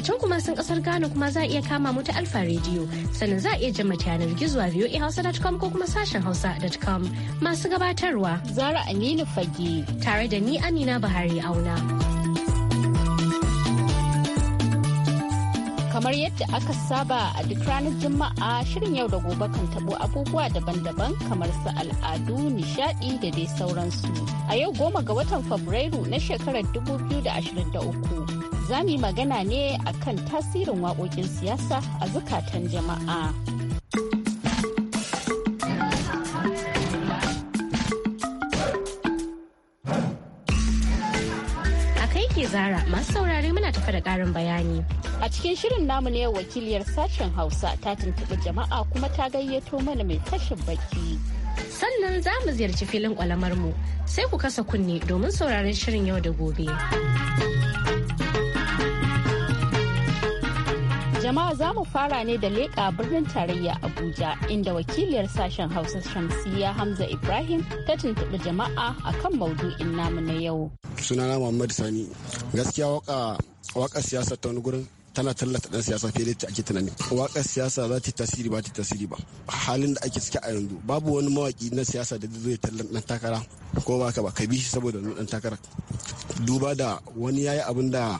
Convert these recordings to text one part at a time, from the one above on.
A can kuma sun kasar Ghana kuma za a iya kama mu ta Alfa Radio sannan za a iya jama ta yanar gizo a voahausa.com ko kuma sashen hausa.com masu gabatarwa. Zara Aminu Fage. Tare da ni Amina Buhari Auna. Kamar yadda aka saba a duk ranar Juma'a shirin yau da gobe kan tabo abubuwa daban-daban kamar su al'adu, nishadi da dai sauransu. A yau goma ga watan Fabrairu na shekarar 2023. za mu yi magana ne a kan tasirin waƙoƙin siyasa a zukatan jama'a. ke zara masu saurare muna tafa da karin bayani. A cikin shirin namu ne wakiliyar sashen Hausa ta tuntuɓi jama'a kuma ta gayyato mana mai tashin baki. Sannan za mu ziyarci filin kwalamar mu sai ku kasa kunne domin sauraron shirin yau da gobe. jama'a za mu fara ne da leƙa birnin tarayya Abuja inda wakiliyar sashen Hausa Shamsiya Hamza Ibrahim ta tuntuɓi jama'a akan maudu'in namu na yau. Sunana Muhammad Sani gaskiya waka waka siyasa ta wani gurin tana tallata dan siyasa fiye da ake tunani waka siyasa za ta tasiri ba ta tasiri ba halin da ake ciki a yanzu babu wani mawaki na siyasa da zai tallan dan takara ko ba ka ba ka bi shi saboda dan takara duba da wani yayi abin da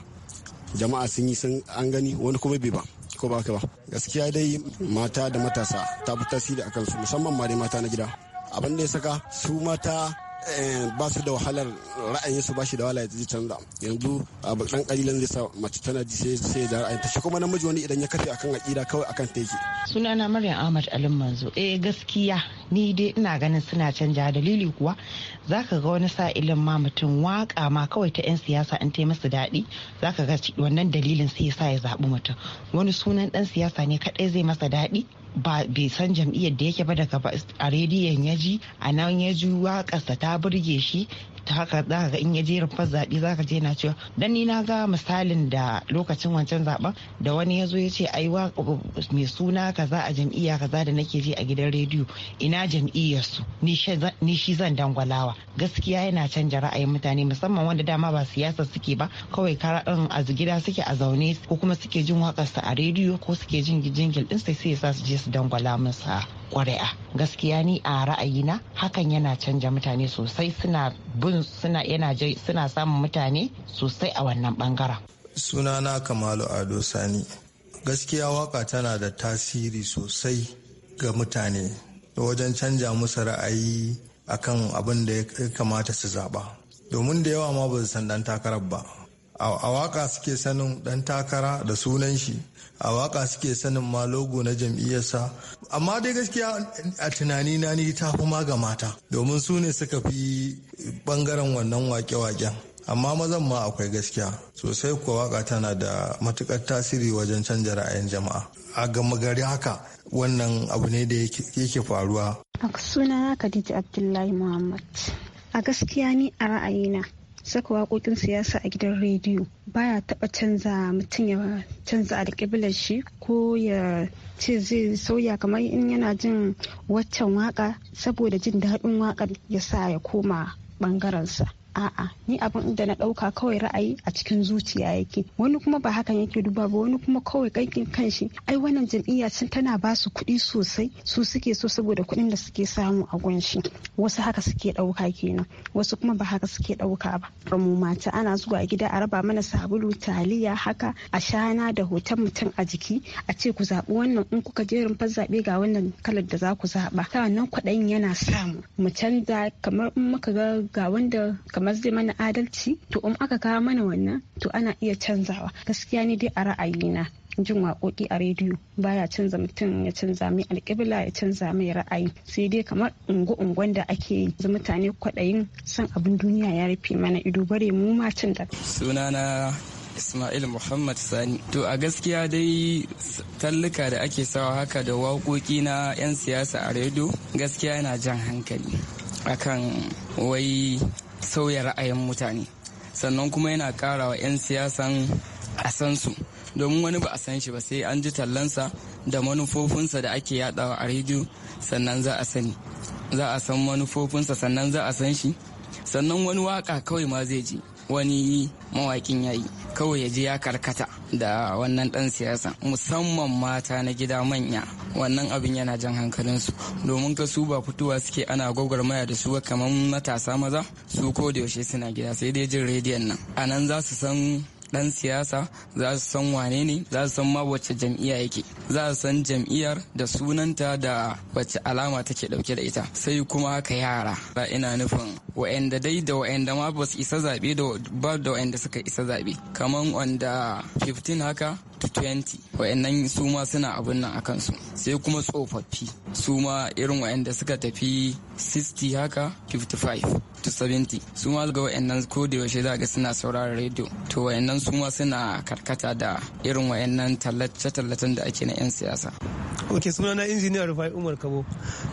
jama'a sun yi sun an gani wani kuma bai ba ko ba haka ba gaskiya dai mata da matasa ta fi tasiri a kansu musamman ma dai mata na gida abin da ya saka su mata Eh, ba su da wahalar ra'ayin su ba shi da wahala ya canza yanzu abu dan kalilan zai sa mace tana ji sai da ra'ayin ta shi kuma namiji wani idan ya kafe akan akida kawai akan ta yake sunana Maryam Ahmad Alim Manzo eh gaskiya ni dai ina ganin suna canja dalili kuwa zaka ga wani sa sa'ilin ma mutum waka ma kawai ta yan siyasa in ta masu daɗi zaka ga wannan dalilin sai ya sa ya zaɓi mutum wani sunan dan siyasa ne kadai zai masa daɗi ba bai san jam'iyyar da yake ba daga a rediyon ya ji a nan ya ji waƙarsa ta burge shi ta haka za ka in ya je rufar zaɓe za ka je na cewa dan ni na ga misalin da lokacin wancan zaben da wani ya zo ya ce ai mai suna kaza a jam'iyya kaza da nake ji a gidan rediyo ina jam'iyyar su ni shi zan dangwalawa gaskiya yana canja ra'ayin mutane musamman wanda dama ba siyasa suke ba kawai karan a gida suke a zaune ko kuma suke jin wakarsa a rediyo ko suke jin jingil din sai sai ya sa su je su dangwala musa ƙuri'a gaskiya ni a ra'ayina hakan yana canja mutane sosai suna bin suna yana suna samun mutane sosai a wannan bangaren sunana kamalu ado sani gaskiya waka tana da tasiri sosai ga mutane wajen canja musu ra'ayi akan abin da ya kamata su zaba domin da yawa ma ba su san dan takarar ba a waka suke sanin dan takara da sunan shi a waka suke sanin ma logo na jam'iyyarsa amma dai gaskiya a tunani na ni ta fi ga mata domin su ne suka fi bangaren wannan wake-waken amma mazan ma akwai gaskiya sosai kuwa waka tana da matukar tasiri wajen canja ra'ayin jama'a a gama gari haka wannan abu ne da yake faruwa a suna khadija abdullahi muhammad a gaskiya ni a ra'ayina saka waƙoƙin siyasa a gidan rediyo baya taɓa canza mutum ya canza alƙiblar shi ko ya ce zai sauya kamar in yana jin waccan waƙa saboda jin daɗin waƙar ya sa ya koma ɓangarensa. a'a ni abin da na ɗauka kawai ra'ayi a cikin zuciya yake wani kuma ba hakan yake duba ba wani kuma kawai kankin kanshi ai wannan jam'iyya sun tana ba su kuɗi sosai su suke so saboda kuɗin da suke samu a gunshi wasu haka suke ɗauka kenan wasu kuma ba haka suke ɗauka ba mu mata ana zuwa gida a raba mana sabulu taliya haka a shana da hoton mutum a jiki a ce ku zaɓi wannan in kuka je rumfar zaɓe ga wannan kalar da za ku zaɓa ta wannan kwaɗayin yana samu mu canza kamar in muka ga ga wanda kamar zai mana adalci to in aka kawo mana wannan to ana iya canzawa gaskiya ni dai a ra'ayi na jin waƙoƙi a rediyo baya canza mutum ya canza mai alƙibla ya canza mai ra'ayi sai dai kamar ungu ungon da ake yi zama mutane kwaɗayin san abin duniya ya rufe mana ido bare mu ma cin da sunana Ismail Muhammad Sani. To a gaskiya dai talluka da ake sawa haka da waƙoƙi na 'yan siyasa a rediyo gaskiya yana jan hankali akan wai sauya ra'ayin mutane sannan kuma yana kara wa 'yan siyasan a san su domin wani ba a san shi ba sai an ji tallansa da manufofinsa da ake yadawa a rediyo sannan za a sani za a san manufofinsa sannan za a san shi sannan wani waka kawai ma zai ji wani mawakin yayi kawai ya ji ya karkata da wannan dan siyasa musamman mata na gida manya wannan abin yana jan hankalinsu domin ka su ba fitowa suke ana gwagwarmaya da su kamar matasa maza su ko da yaushe suna gida sai dai jin rediyon nan a nan za su san dan siyasa za su san wane ne za su san ma wacce jam'iyya yake za su san jam'iyyar da sunanta da wacce alama take dauke da ita sai kuma haka yara ba ina nufin wa'anda dai da wa'anda ma ba su isa zabe da ba da wa'anda suka isa zabe kaman wanda 15 haka to 20 wa'annan su ma suna abin nan a kansu sai kuma tsofaffi su ma irin wa'anda suka tafi 60 haka 55 to 70 su ma ga wa'annan ko da yaushe za ga suna sauraron rediyo to wa'annan su ma suna karkata da irin wa'annan tallace-tallacen da ake na 'yan siyasa suna na injiniyar rufai umar kabo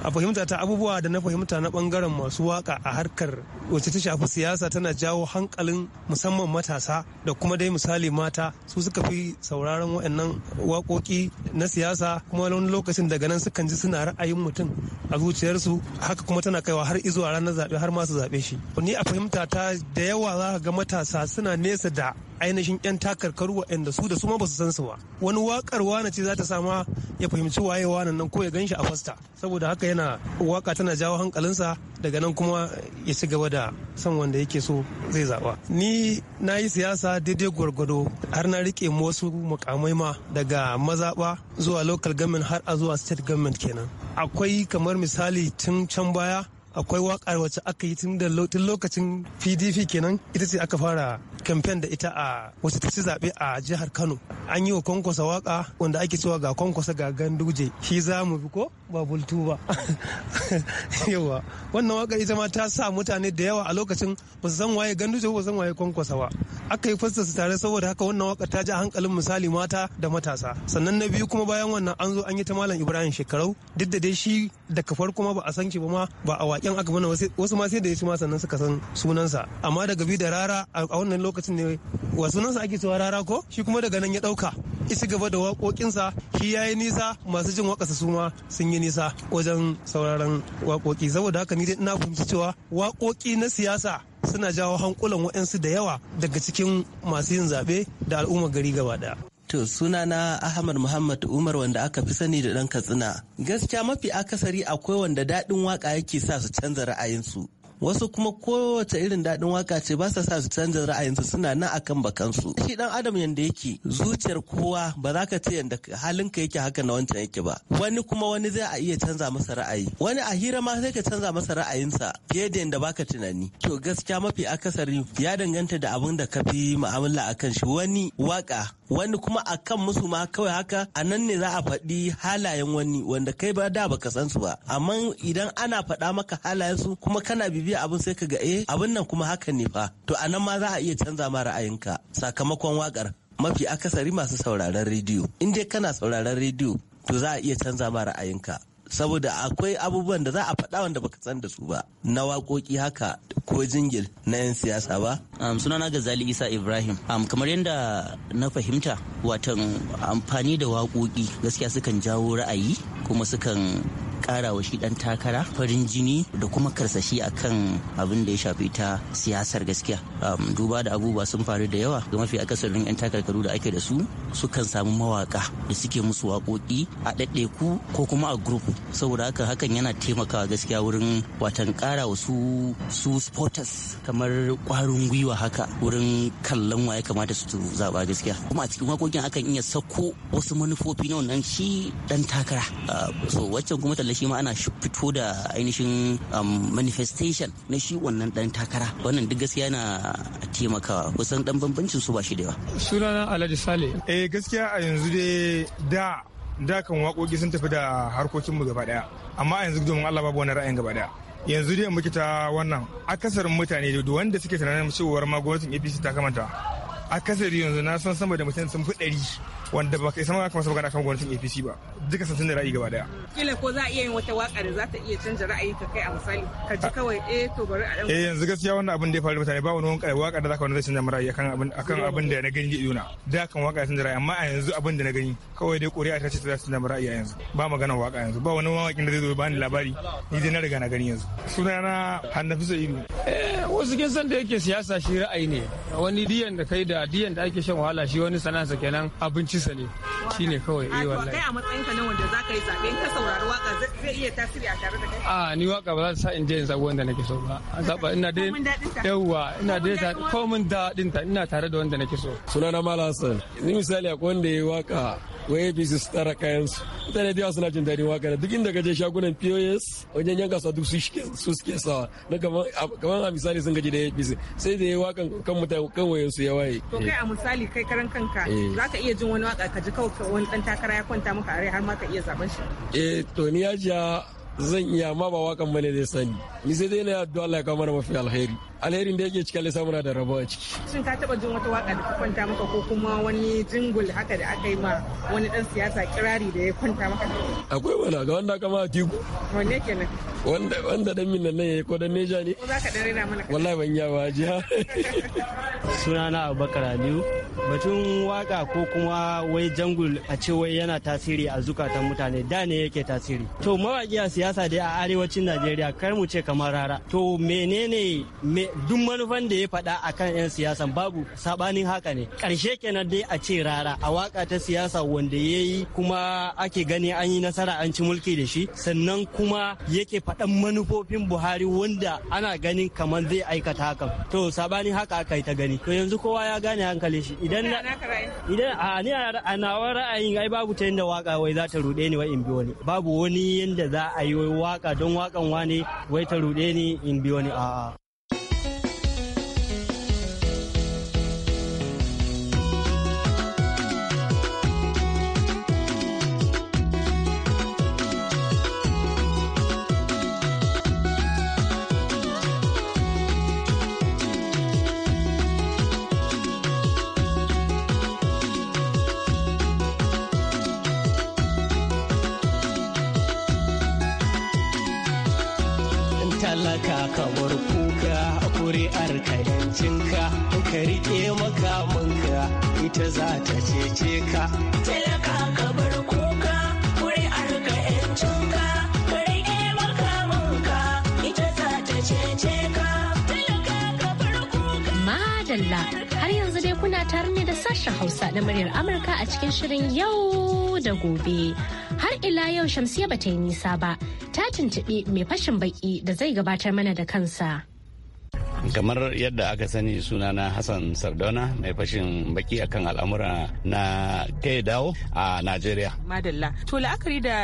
a fahimta ta abubuwa da na fahimta na bangaren masu waka a harkar wacce ta shafi siyasa tana jawo hankalin musamman matasa da kuma dai misali mata su suka fi sauraron waɗannan waƙoƙi na siyasa kuma wani lokacin daga nan sukan ji suna ra'ayin mutum a zuciyarsu haka kuma tana kaiwa har izuwa ranar zaɓe har masu zaɓe shi ni a fahimta ta da yawa za ga matasa suna nesa da ainihin 'yan takarkaru waɗanda su da su ma ba su san su ba wani wakar wana ce za ta sama ya fahimci waye na nan ko ya shi a fasta saboda haka yana waka tana jawo hankalinsa daga nan kuma ya ci gaba da son wanda yake so zai zaɓa. ni na yi siyasa daidai gwargwado har na rike wasu mukamai ma daga mazaɓa zuwa local government har a zuwa state government kenan akwai kamar misali tun can baya akwai wakar wacce aka yi tun lokacin pdp kenan ita ce aka fara kamfen da ita a wasu ta zaɓe a jihar Kano. An yi wa kwankwasa waka wanda ake cewa ga kwankwasa ga ganduje shi za mu bi ko ba bultu ba. Yawa wannan wakar ita ma ta sa mutane da yawa a lokacin ba su san waye ganduje ba san waye kwankwasa ba. Aka yi fassa su tare saboda haka wannan wakar ta ji a hankalin misali mata da matasa. Sannan na biyu kuma bayan wannan an zo an yi ta Malam Ibrahim shekarau duk da dai shi daga farko ma ba a san shi ba ma ba a waken aka mana wasu ma sai da ya ci ma sannan suka san sunansa amma daga bi da rara a wannan lokacin lokacin ne wasu nan ake cewa rara ko shi kuma daga nan ya dauka isi gaba da waƙoƙinsa shi ya yi nisa masu jin waƙasa su ma sun yi nisa wajen sauraron waƙoƙi saboda haka ni dai ina fahimci cewa waƙoƙi na siyasa suna jawo hankulan waɗansu da yawa daga cikin masu yin zaɓe da al'ummar gari gaba ɗaya. To sunana Ahmad Muhammad Umar wanda aka fi sani da ɗan Katsina. Gaskiya mafi akasari akwai wanda daɗin waka yake sa su canza ra'ayinsu. wasu kuma kowace irin daɗin waka ce ba sa sa su canza ra'ayinsu suna nan akan bakansu shi dan adam yanda yake zuciyar kowa ba za ka ce yanda halinka yake haka na wancan yake ba wani kuma wani zai a iya canza masa ra'ayi wani a hira ma sai ka canza masa ra'ayinsa fiye da yanda baka tunani to gaskiya mafi akasari ya danganta da abin da ka fi mu'amala akan shi wani waka wani kuma a kan musu ma kawai haka a nan ne za a faɗi halayen wani wanda kai ba da baka san su ba amma idan ana faɗa maka halayen su kuma kana bibiya abin sai ka ga eh abin nan kuma haka ne fa to a nan ma za a iya canza ma ra'ayinka sakamakon wakar mafi akasari masu sauraron rediyo in dai kana sauraron rediyo to za a iya canza ma ra'ayinka saboda akwai abubuwan da za a faɗa wanda baka san da su ba na waƙoƙi haka ko jingil na 'yan siyasa ba um, ga Zali isa ibrahim kamar yadda na fahimta watan amfani da waƙoƙi gaskiya sukan jawo ra'ayi kuma sukan kara wa shi dan takara farin jini da kuma karsashi a kan abin da ya shafi ta siyasar gaskiya um, duba da abubuwa sun faru da yawa ga mafi akasarin yan takarkaru da ake da su sukan samu mawaka da suke musu waƙoƙi a ɗaɗɗeku ko kuma a group saboda haka hakan yana taimakawa gaskiya wurin watan kara wa su su supporters kamar kwarin gwiwa haka wurin kallon waye kamata su zaba gaskiya kuma a cikin waƙoƙin akan iya sako wasu manufofi na wannan shi dan takara uh, so waccan kuma shi ma ana fito da ainihin um, manifestation na shi wannan dan takara wannan duk gaskiya na taimakawa kusan dan bambancin su ba shi da yawa sunana alhaji sale eh gaskiya a yanzu dai da da kan waƙoƙi sun tafi da harkokinmu gaba daya amma a yanzu domin Allah babu wani ra'ayin gaba daya yanzu dai muke ta wannan akasarin mutane da wanda suke tunanin cewa ma gwamnatin APC ta kamanta akasari yanzu na san sama da mutum sun fi ɗari wanda ba kai sama aka masa magana kan gwamnatin APC ba duka sun da ra'ayi gaba daya. Kila ko za a iya yin wata waka da za ta iya canza ra'ayi ka kai a misali ka ji kawai eh to bari a ɗan. Eh yanzu gaskiya wannan abin da ya faru mutane ba wani wani waka da za ka wani zai canza mara ya kan abin akan abin da na gani da da kan waka ya canza ra'ayi amma a yanzu abin da na gani kawai dai ƙuri'a ta ce ta canza mara a yanzu ba magana waka yanzu ba wani mawaƙin da zai zo bani labari ni dai na riga na gani yanzu sunana Hannafisa Ido. Eh wasu kin san da yake siyasa shi ra'ayi ne wani diyan da kai da saboda diyan da ake shan wahala shi wani sana'a kenan abinci sa ne ne kawai eh wallahi kai a matsayin ka na wanda za ka yi in ka saurari waka zai iya tasiri a tare da kai a ni waka ba za ta sa in je in zabi wanda nake so ba zaɓa ina dai yawa ina dai ta komin dadin ta ina tare da wanda nake so sunana malam hassan ni misali akwai wanda ya waka waye bisu su tsara kayansu mutane da yawa suna jin daɗin waƙar duk inda gaje shagunan pos wajen yan kasuwa duk su suke sawa na kamar a misali sun gaji da ya bisu sai da ya waƙan kan mutane kan wayan su ya waye to kai a misali kai karan kanka eh. za ka iya jin wani waƙa ka ji kawai wani ɗan takara ya kwanta maka a rai har ma ka iya zaben shi eh to ni ya zan iya ma ba waƙan bane zai sani ni sai dai na addu'a Allah ya kawo mana mafi alheri alherin da yake cikin lissa da rabo a ciki. Shin ka taba jin wata waka da ta kwanta maka ko kuma wani jingul haka da aka yi ma wani dan siyasa kirari da ya kwanta maka? Akwai wala ga wanda kama a tiku. Wanne kenan? Wanda wanda dan min nan yayi ko dan neja ne? Ko za ka dare na mana? Wallahi ban ya ba jiya. na Abubakar Aliyu. Batun waka ko kuma wai jangul a ce wai yana tasiri a zukatan mutane da ne yake tasiri. To mawaƙiya siyasa dai a arewacin Najeriya kar mu ce kamar rara. To menene me duk manufan da ya faɗa kan 'yan siyasan babu sabanin haka ne ƙarshe kenan dai a ce rara a waka ta siyasa wanda ya yi kuma ake gani an yi nasara an ci mulki da shi sannan kuma yake faɗan manufofin buhari wanda ana ganin kamar zai aikata hakan to sabanin haka aka yi ta gani to yanzu kowa ya gane hankali shi idan idan a ni a nawa ra'ayin ai babu ta yadda waka wai za ta ruɗe ni wai in bi wani babu wani yanda za a yi waka don wakan wani wai ta ruɗe ni in bi wani a'a ita za ta cece ka. Talaka ka bar kuka, kuri'ar ka ‘yancinka, ka riƙe makamanka, ita za ta cece ka. Talaka ka bar kuka. Madalla, har yanzu dai kuna tare ne da sashen Hausa na muryar Amurka a cikin shirin yau da gobe. Har ila yau Shamsiya ba ta yi nisa ba, ta tuntuɓi mai fashin baki da zai gabatar mana da kansa. kamar yadda aka sani suna na hassan sardauna mai fashin baki akan al'amura na kai dawo a najeriya madalla to la'akari da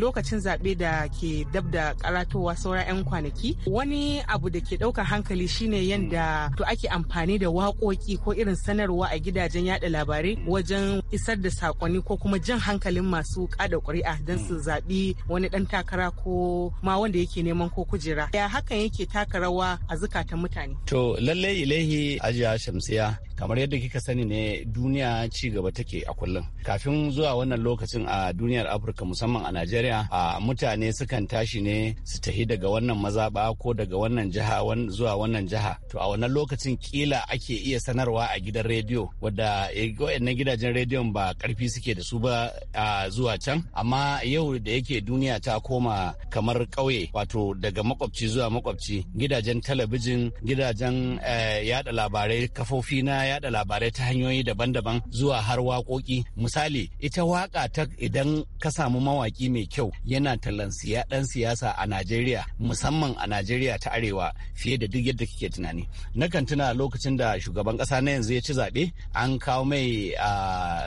lokacin zaɓe da ke dab da karatowa saura 'yan kwanaki wani abu da ke ɗaukar hankali shine yadda to ake amfani da waƙoƙi ko irin sanarwa a gidajen yaɗa labarai wajen isar da saƙonni ko kuma jan hankalin masu kada ƙuri'a don su zaɓi wani ɗan takara ko ma wanda yake neman ko kujera ya hakan yake taka rawa a zukatan mutane. To lallai ilahi ajiya shamsiya kamar yadda kika sani ne duniya ci gaba take a kullum kafin zuwa wannan lokacin a duniyar afirka musamman a najeriya a mutane sukan tashi ne su tahi daga wannan mazaba ko daga wannan jiha zuwa wannan jiha to a wannan lokacin kila ake iya sanarwa a gidan rediyo wadda eh, wayannan gidajen rediyon ba karfi suke da su ba a zuwa can amma yau da yake duniya ta koma kamar ƙauye wato daga makwabci zuwa makwabci gidajen talabijin gidajen eh, yada labarai kafofi na yada labarai ta hanyoyi daban-daban zuwa har waƙoƙi misali ita waƙa ta idan ka samu mawaki mai kyau yana tallan dan siyasa a najeriya musamman a najeriya ta arewa fiye da duk yadda kike tunani nakan tuna lokacin da shugaban ƙasa na yanzu ya ci zaɓe an kawo mai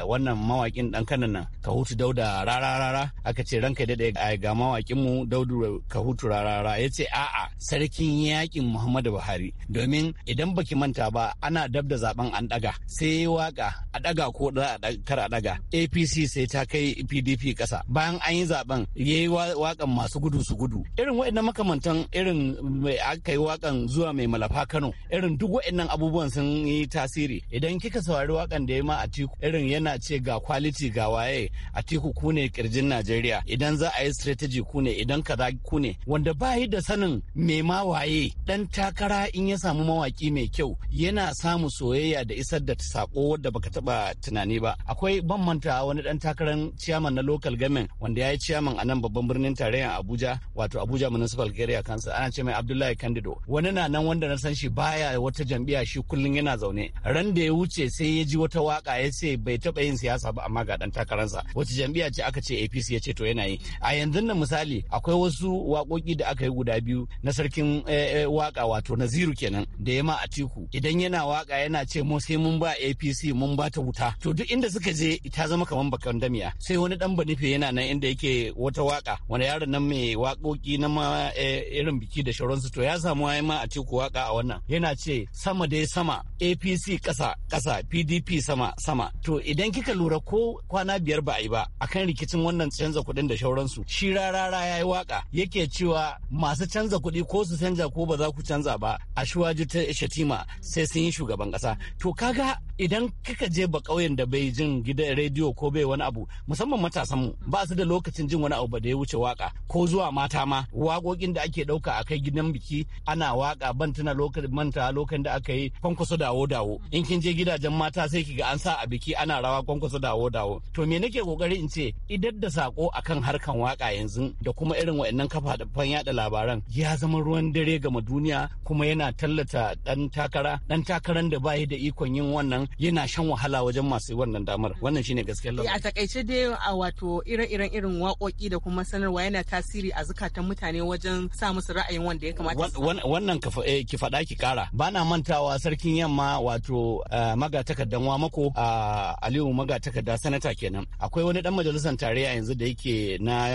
wannan mawaƙin ɗan kanan nan kahutu dauda rararara aka ce ranka daɗe ga mu daudu kahutu rararara ya ce a'a sarkin yaƙin muhammadu buhari domin idan baki manta ba ana dab da zaben an daga sai waka a daga ko da kar a daga apc sai ta kai pdp kasa bayan an yi zaben ya yi wakan masu gudu su gudu irin waɗannan makamantan irin mai aka yi wakan zuwa mai malafa kano irin duk waɗannan abubuwan sun yi tasiri idan kika saurari wakan da ya ma a tiku irin yana ce ga kwaliti ga waye a tiku ku ne kirjin najeriya idan za a yi strategy ku ne idan kaza ku ne wanda ba yi da sanin mai ma waye dan takara in ya samu mawaki mai kyau yana samu soyayya da isar da sako wadda baka taba tunani ba akwai ban manta wani dan takarar ciyaman na local government wanda ya yi ciyaman a nan babban birnin tarayyar abuja wato abuja municipal area kansa ana ce mai abdullahi kandido wani na nan wanda na san shi baya wata jam'iyya shi kullum yana zaune ran da ya wuce sai ya ji wata waka ya ce bai taba yin siyasa ba amma ga dan takararsa wata jam'iyya ce aka ce apc ya ce to yana yi a yanzu nan misali akwai wasu wakoki da aka yi guda biyu na sarkin eh, eh, waka wato naziru kenan da ya ma a tiku idan yana waka yana ce kuma sai mun ba apc mun ba ta wuta to duk inda suka je ta zama kamar bakan damiya sai wani dan banife yana nan inda yake wata waka wani yaron nan mai waƙoƙi na ma eh, irin biki da shauransu to ya samu ai ma a ku waka a wannan yana ce sama dai sama apc kasa ƙasa pdp sama sama to idan kika lura ko kwana biyar ba a yi ba akan rikicin wannan canza kuɗin da shauransu shi rarara ya yi waka yake cewa masu canza kuɗi ko su canza ko ba za ku canza ba a shuwaju ta shatima sai sun yi shugaban ƙasa to kaga idan kika je ba ƙauyen da bai jin gidan rediyo ko bai wani abu musamman matasan mu ba su da lokacin jin wani abu ba da ya wuce waka ko zuwa mata ma waƙoƙin da ake ɗauka a kai gidan biki ana waka ban tuna lokacin manta lokacin da aka yi kwankwaso dawo dawo in kin je gidajen mata sai ki ga an sa a biki ana rawa kwankwaso dawo dawo to me nake kokari in ce idan da sako akan harkan waka yanzu da kuma irin waɗannan kafafen yada labaran ya zama ruwan dare gama duniya kuma yana tallata ɗan takara ɗan takaran da bayi da ikon yin wannan yana shan wahala wajen masu wannan damar wannan shine gaskiyar lamarin eh, a takaice dai a wato ire-iren irin waƙoƙi da kuma sanarwa yana tasiri a zukatan mutane wajen sa musu ra'ayin wanda ya kamata wannan eh, ki faɗa ki kara bana mantawa sarkin yamma wato eh, magatakardan wamako aliyu magatakarda sanata kenan akwai wani dan majalisar tarayya yanzu da yake na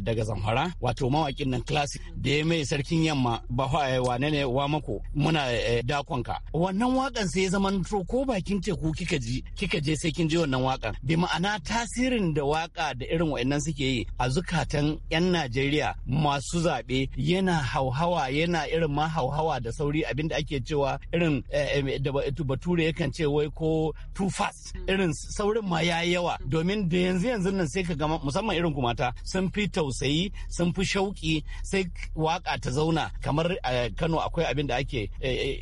daga zamfara wato mawakin nan classic da ya mai sarkin yamma ba wa ne wamako muna dakonka wannan wakan sai ya zama zamanto ko bakin teku kika ji kika je sai kin ji wannan waka bi ma'ana tasirin da waka da irin wa'annan suke yi a zukatan 'yan Najeriya masu zaɓe yana hauhawa yana irin ma hauhawa da sauri abinda ake cewa irin eh, eh, da bature yakan ce wai ko too fast mm. irin saurin ma ya yawa domin da yanzu yanzu nan sai ka gama musamman irin kumata sun fi tausayi sun fi shauki sai waka ta zauna kamar eh, Kano akwai abin da ake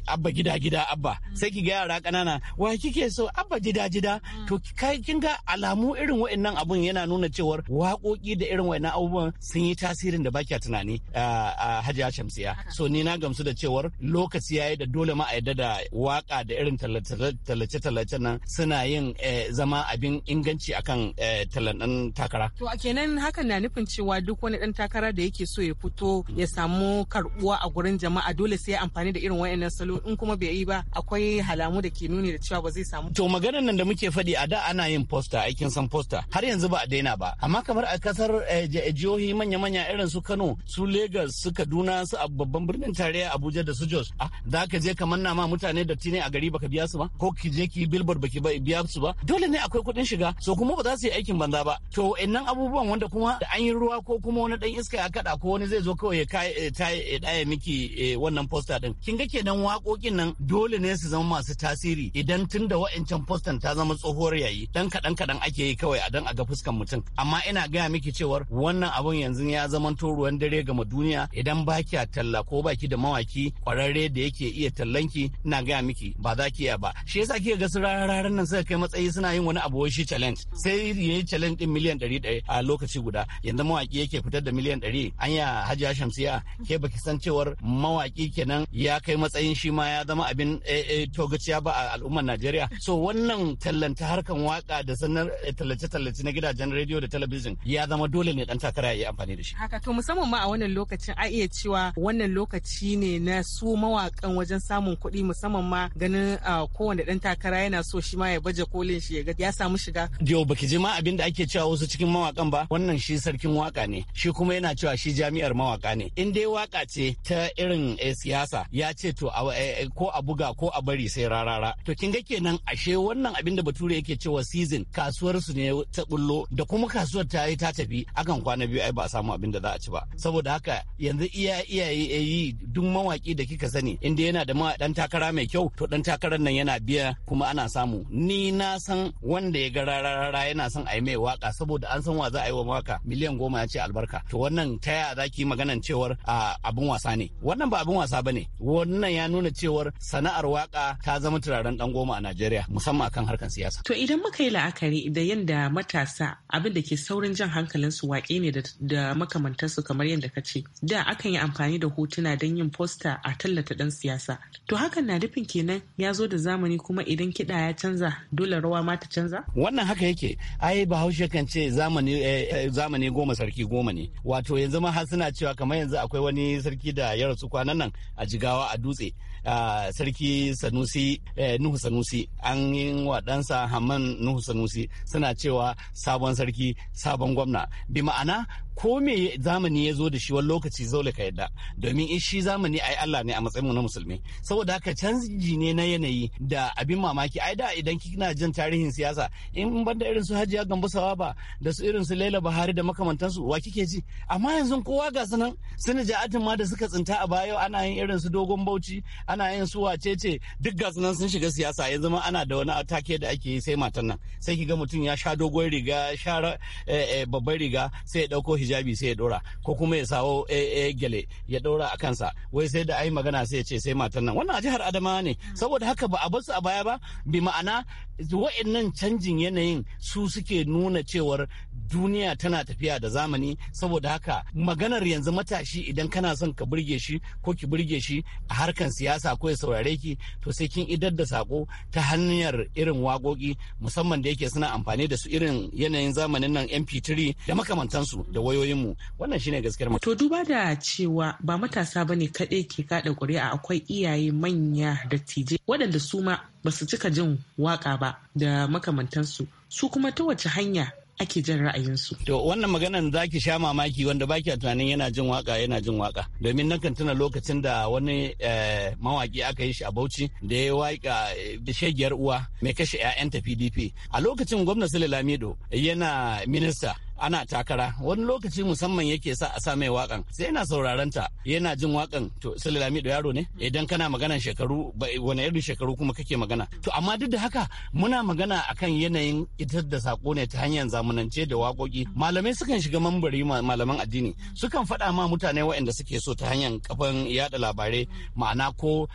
abba gida gida abba mm. sai ki ga yara yara kanana wa kike so abba jida jida mm. to kai kin ga alamu irin wa'annan abun yana nuna cewar waƙoƙi da irin wa'annan abubuwan sun yi tasirin da baki tunani a hajiya shamsiya so ni na gamsu da cewar lokaci yayi da dole ma a yadda da waka da irin tallace-tallace nan suna yin eh, zama abin inganci akan kan eh, takara. To a kenan hakan na nufin cewa duk wani ɗan takara da yake so ya fito ya samu karbuwa a gurin jama'a dole sai ya amfani da irin wa'annan salo in kuma bai yi ba akwai halamu da ke nuni da cewa ba zai samu. To maganar nan da muke faɗi a da ana yin posta aikin san posta har yanzu ba a daina ba amma kamar a kasar eh, jihohi manya-manya irin su Kano su Lagos su Kaduna su a babban birnin tarayya Abuja da su Jos Ah, da ka je kamar manna ma mutane da tine a gari baka biya su ba ko ki je ki billboard baki biya su ba dole ne akwai kuɗin shiga so kuma ba za su yi aikin banza ba to innan abubuwan wanda kuma da an yi ruwa ko kuma wani dan iska ya kada ko wani zai zo kawai ya kai ya eh, daya eh, miki wannan posta din kin ga kenan waƙoƙin nan dole ne su zama masu tasiri tasiri idan tun da wa'ancan postan ta zama tsohuwar yayi dan kaɗan kaɗan ake yi kawai a dan a ga fuskan mutum amma ina gaya miki cewar wannan abun yanzu ya zama ruwan dare gama duniya idan baki a talla ko baki da mawaki kwararre da yake iya tallanki ina gaya miki ba za ki iya ba shi yasa kike ga su raran nan suka kai matsayi suna yin wani abu shi challenge sai yayi challenge din miliyan ɗari 100 a lokaci guda yanzu mawaki yake fitar da miliyan 100 anya hajiya shamsiya ke baki san cewar mawaki kenan ya kai matsayin shi ma ya zama abin eh, eh, togaciya ba a al'ummar Najeriya. So wannan tallanta harkan waka da sanar eh, tallace-tallace na gidajen rediyo da talabijin ya zama dole ne dan takara ya yi amfani da shi. Haka to musamman ma a wannan lokacin a iya cewa wannan lokaci ne na su mawakan wajen samun kuɗi musamman ma ganin kowane dan takara yana so shi ma ya baje kolin shi ya samu shiga. Yau baki ji ma abin da ake cewa wasu cikin mawakan ba wannan shi sarkin waka ne shi kuma yana cewa shi jami'ar mawaka ne in dai waka ce ta irin eh, siyasa ya ce to a eh, ko a buga ko a bari sai rara rara to kin ga kenan ashe wannan abin da bature yake cewa season kasuwar su ne ta bullo da kuma kasuwar ta yi ta tafi akan kwana biyu ai ba a samu abin da za a ci ba saboda haka yanzu iya iyaye yi duk mawaki da kika sani inda yana da dan takara mai kyau to dan takarar nan yana biya kuma ana samu ni na san wanda ya ga rarara yana son a yi mai waka saboda an san wa za a yi wa waka miliyan goma ya ce albarka to wannan ta yaya za ki maganan cewar ah, abin wasa ne wannan ba abin wasa ba ne wannan ya nuna cewar sana'ar waka ta zama turaren dan goma a Najeriya musamman akan harkar siyasa. To idan muka yi la'akari da yadda matasa abin da ke saurin jan hankalin su waƙe ne da makamantarsu kamar yadda ka ce. Da akan yi amfani da hotuna don yin fosta a tallata dan siyasa. To hakan na nufin kenan ya zo da zamani kuma idan kiɗa ya canza dole rawa ma ta canza? Wannan haka yake. Ai Bahaushe kan ce zamani eh, eh, zamani goma sarki goma ne. Wato yanzu ma har suna cewa kamar yanzu akwai wani sarki da ya rasu kwanan nan a Jigawa a Dutse. Ah, sarki Sanusi Eh, nuhu sanusi an yi wa ɗansa hamman nuhu sanusi suna cewa sabon sarki sabon gwamna bi ma'ana ko me zamani ya zo da shi wani lokaci zaule ka yadda domin in shi zamani ai Allah ne a matsayin mu na musulmi saboda haka canji ne na yanayi da abin mamaki ai da idan kina jin tarihin siyasa in ban da irin su Hajiya Gambusawa ba da su irin su Laila Buhari da makamantansu wa kike ji amma yanzu kowa ga sunan suna ja'atin ma da suka tsinta a baya ana yin irin su dogon bauchi ana yin su wacece duk ga sunan sun shiga siyasa yanzu ma ana da wani take da ake yi sai matan nan sai kiga mutum ya sha dogon riga sha eh, eh, babbar riga sai ya dauko hijabi sai ya dora ko kuma ya sawo eh, eh, gele ya dora a kansa wai sai da ai magana sai ya ce sai matan nan wannan a jihar adamawa ne saboda haka ba a bar su a baya ba bi ma'ana wa'annan canjin yanayin su suke nuna cewar duniya tana tafiya da zamani saboda haka maganar yanzu matashi idan kana son ka burge shi ko ki burge shi a harkan siyasa ko ya saurare ki to sai kin idar da sako ta hanyar irin waƙoƙi musamman da yake suna amfani da su irin yanayin zamanin nan mp3 da makamantansu da wayoyinmu wannan shine gaskiyar mu. To duba da cewa ba matasa bane kaɗai ke kaɗa ƙuri'a akwai iyaye manya da tije waɗanda su ma ba su cika jin waƙa ba da makamantansu su kuma ta wace hanya ake jin ra'ayinsu. To wannan maganan za ki sha mamaki wanda baki a tunanin yana jin waka yana jin waka. Domin na kan tuna lokacin da wani eh, mawaki aka yi shi a Bauchi da ya waka eh, shegiyar uwa mai kashe 'ya'yanta PDP. A lokacin gwamna Sule Lamido yana minista ana takara wani lokaci musamman yake sa a sa mai wakan sai yana sauraron ta yana jin wakan to sulalami da yaro ne idan kana magana shekaru wani irin shekaru kuma kake magana to amma duk da haka muna magana akan yanayin itar da sako ne ta hanyar zamanance da wakoki malamai sukan shiga mambari malaman addini sukan faɗa ma mutane waɗanda suke so ta hanyar kafan yada labarai ma'ana ko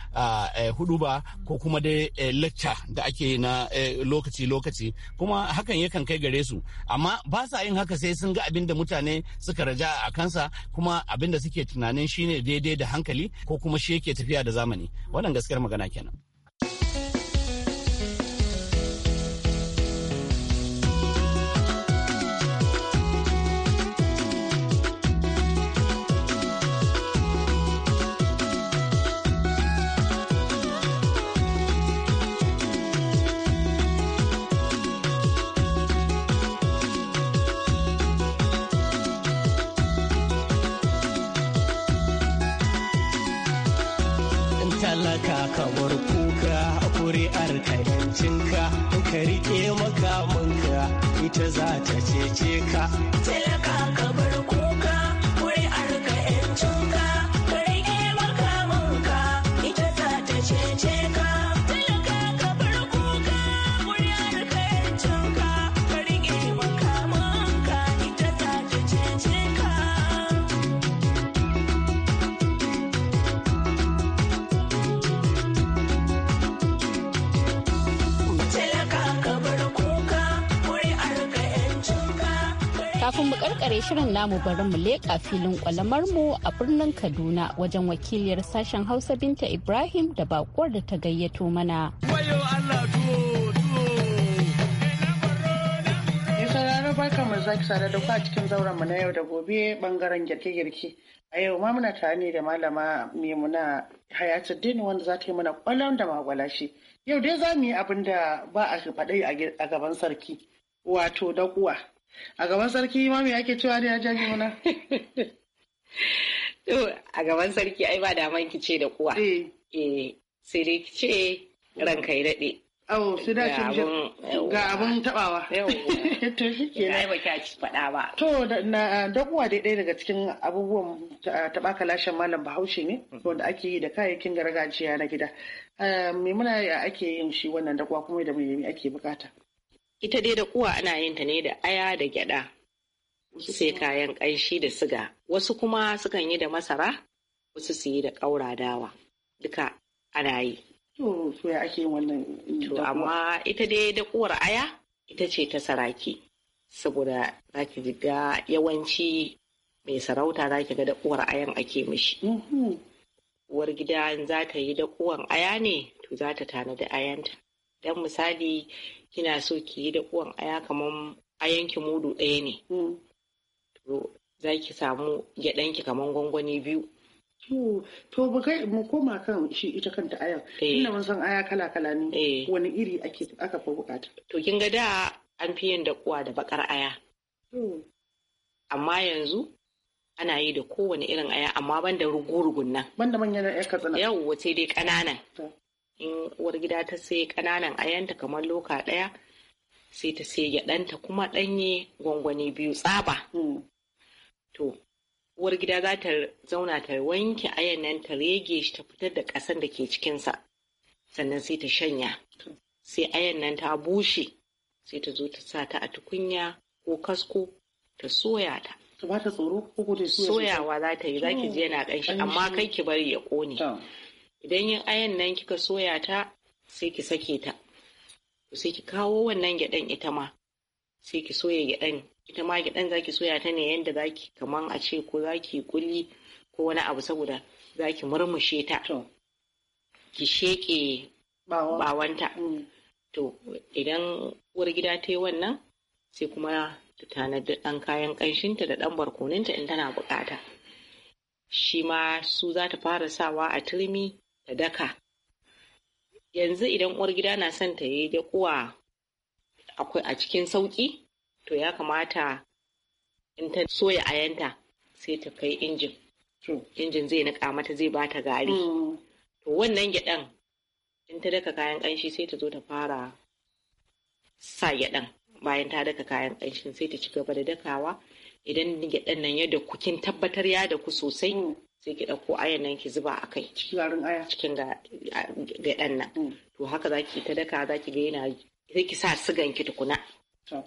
hudu ba ko kuma dai lecture da ake na lokaci-lokaci kuma hakan yakan kai gare su amma ba sa yin haka sai sun ga abin da mutane suka raja a kansa kuma abin da suke tunanin shine daidai da hankali ko kuma shi yake tafiya da zamani wannan gaskiyar magana kenan kuri'ar cinka in ka rike makamanka ita za ta cece ka talaka ka bar shirin namu bari mu leƙa filin kwalamar mu a birnin Kaduna wajen wakiliyar sashen Hausa Binta Ibrahim da bakuwar da ta gayyato mana. zaki da a cikin zauren mu na yau da gobe bangaren girke-girke. A yau ma muna tare ne da malama Maimuna Hayatuddin wanda za ta yi mana kwallon da magwalashi. Yau dai za mu yi abin da ba a faɗi a gaban sarki wato da kuwa. A gaban sarki ma me ake cewa da ya jage muna? a gaban sarki ai ba daman ki ce da kuwa. Eh. eh. Sai dai ki ce ranka yi daɗe. Awo, su da ga abin tabawa. Yau, shi ke nan. ba kya ci faɗa ba. To na dakuwa dai ɗaya daga cikin abubuwan taɓa kalashen malam bahaushe ne mhm. wanda ake yi da kayayyakin gargajiya na gida. Eh, me muna ake yin shi wannan dakuwa kuma da me ake bukata? ita dai da kuwa ana yin ta ne da aya da gyada wasu sai kayan ƙanshi da siga wasu kuma sukan yi da masara wasu su yi da ƙaura dawa duka ana yi to amma ita dai da kuwar aya ita ce ta saraki saboda za ki ga yawanci mai sarauta za ki ga da kuwar ayan ake mishi mm-hmm. uwar gida za ta yi da kuwan aya ne to za ta tanadi ayanta dan misali kina so ki yi da uwan aya kamar a yankin mudu ɗaya ne mm. to za ki samu gyaɗan ki kamar gwangwani biyu to mu koma kan shi ita kanta ayan inda eh. mun san aya kala kala ne eh. wani iri ake aka fa bukata to kin ga da an fi yin da kuwa da bakar aya amma yanzu ana yi da kowane irin aya amma ban da rugu-rugun nan. Ban da manyan ƴan katsina. Yawwa sai dai ƙananan. in uwar gida ta sai ƙananan ayanta kamar loka ɗaya sai ta sai gyaɗanta kuma ɗanye gwangwani biyu tsaba hmm. to uwar gida za ta zauna ta wanke ayan nan ta rege shi ta fitar da ƙasan da ke cikinsa sannan sai ta shanya sai ayan nan ta bushe sai ta zo ta sa ta a tukunya ko kasko ta soya ta ta tsoro ko soyawa za ta yi za ki je yana ƙanshi amma kai ki bari ya ƙone idan yin ayan nan kika soya ta sai ki sake ta sai ki kawo wannan gyaɗan ita ma sai ki soya gyaɗan ita ma gyaɗan ki soya ta ne yadda za ki kaman a ce ko za ki kuli ko wani abu saboda za ki murmushe ta ki sheƙe bawanta mm. to idan uwar gida ta yi wannan sai kuma ta tanadi ɗan kayan ƙanshinta da ɗan barkoninta in tana buƙata shi ma su za ta fara sawa a turmi ta daka yanzu idan uwar gida na son ta yi dakuwa akwai a cikin sauki to ya kamata in ta soya ayanta sai ta kai injin injin zai niƙa mata zai ba ta gari hmm. to wannan gyaɗan in ta daka kayan ƙanshi sai ta zo ta fara sa gyaɗan bayan ta daka kayan ƙanshin sai ta ci gaba da dakawa idan gyaɗan nan ya da kukin tabbatar ya da ku sosai hmm. sai ki ɗauko ayan nan ki zuba a kai cikin ɗan nan mm. to haka za ki ta daka za ki ga yana sai ki sa sigan ki tukuna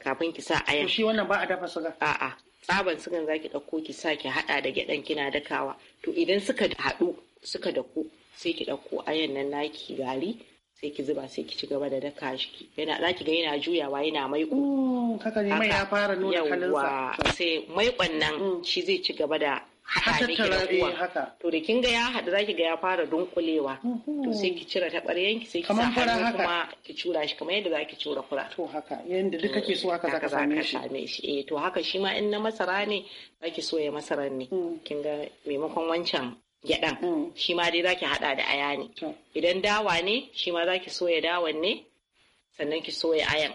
kafin ki sa ayan shi wannan ba a dafa siga a'a tsaban sigan za ki ɗauko ki sa ki haɗa da gyaɗan kina dakawa to idan suka haɗu suka dako sai ki ɗauko ayan nan naki gari sai ki zuba sai ki ci gaba da daka shi yana za ki ga yana juyawa yana maiƙo mm, haka ne mai ya fara nuna kalinsa sai maiƙon nan mm. shi zai ci gaba da haɗa da to da kin ga ya haɗu zaki ga ya fara dunkulewa to sai ki cire taɓaryan ki sai ki sa hannu kuma ki cura shi kamar yadda zaki cura fura to haka yanda duk kake so haka zaka same shi same shi eh to haka shi ma in na masara ne zaki soya masara ne mm. kin ga maimakon wancan gyaɗan mm. shi ma dai zaki haɗa da aya ne idan dawa ne shi ma zaki soya dawan ne sannan ki soya ayan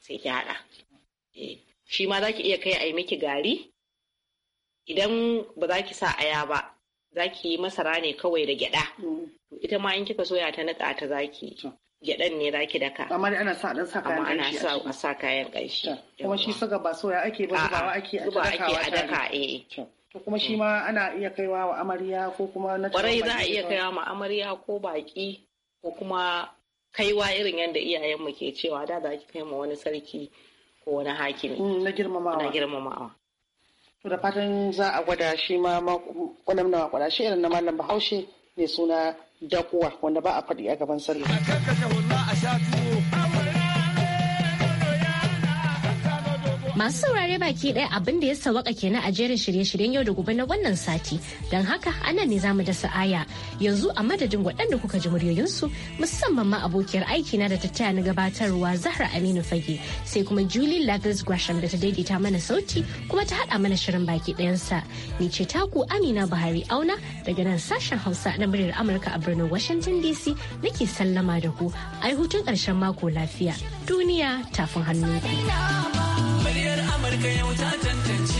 sai ki haɗa eh, shi ma zaki iya kai a yi miki gari idan ba za ki sa aya ba za ki yi masara ne kawai da gyada mm. ita ma in kika soya ta nika ta zaki gyadan ne za ki daka amma ana sa dan sa kayan ana sa a sa kayan ƙarshe. kuma shi suga ba soya ake ba zubawa ake a dakawa ake a daka eh to kuma shi mm. ma ana iya kaiwa wa amarya ko kuma na kwarai za a iya kaiwa ma amarya ko baki ko kuma kaiwa irin yadda iyayenmu ke cewa da za ki kai ma wani sarki ko wani hakimi mm, na girmamawa na girmamawa to da fatan za a gwada shi ma kwanan na kwada shi irin na malam bahaushe ne suna dakuwa wanda ba a faɗi a gaban sallah. Masu saurare baki ɗaya abin da ya sawaka kenan a jerin shirye-shiryen yau da gobe na wannan sati. Don haka anan ne zamu dasa aya yanzu a madadin waɗanda kuka ji muryoyinsu musamman ma abokiyar aiki na da ta taya na gabatarwa Zahra Aminu Fage sai kuma Julie Lagos Gwasham da ta daidaita mana sauti kuma ta haɗa mana shirin baki ɗayansa. Ni ce taku Amina Buhari Auna daga nan sashen Hausa na muryar Amurka a birnin Washington DC nake sallama da ku. Ai hutun ƙarshen mako lafiya. Duniya tafin hannu. ka yau ta tantance.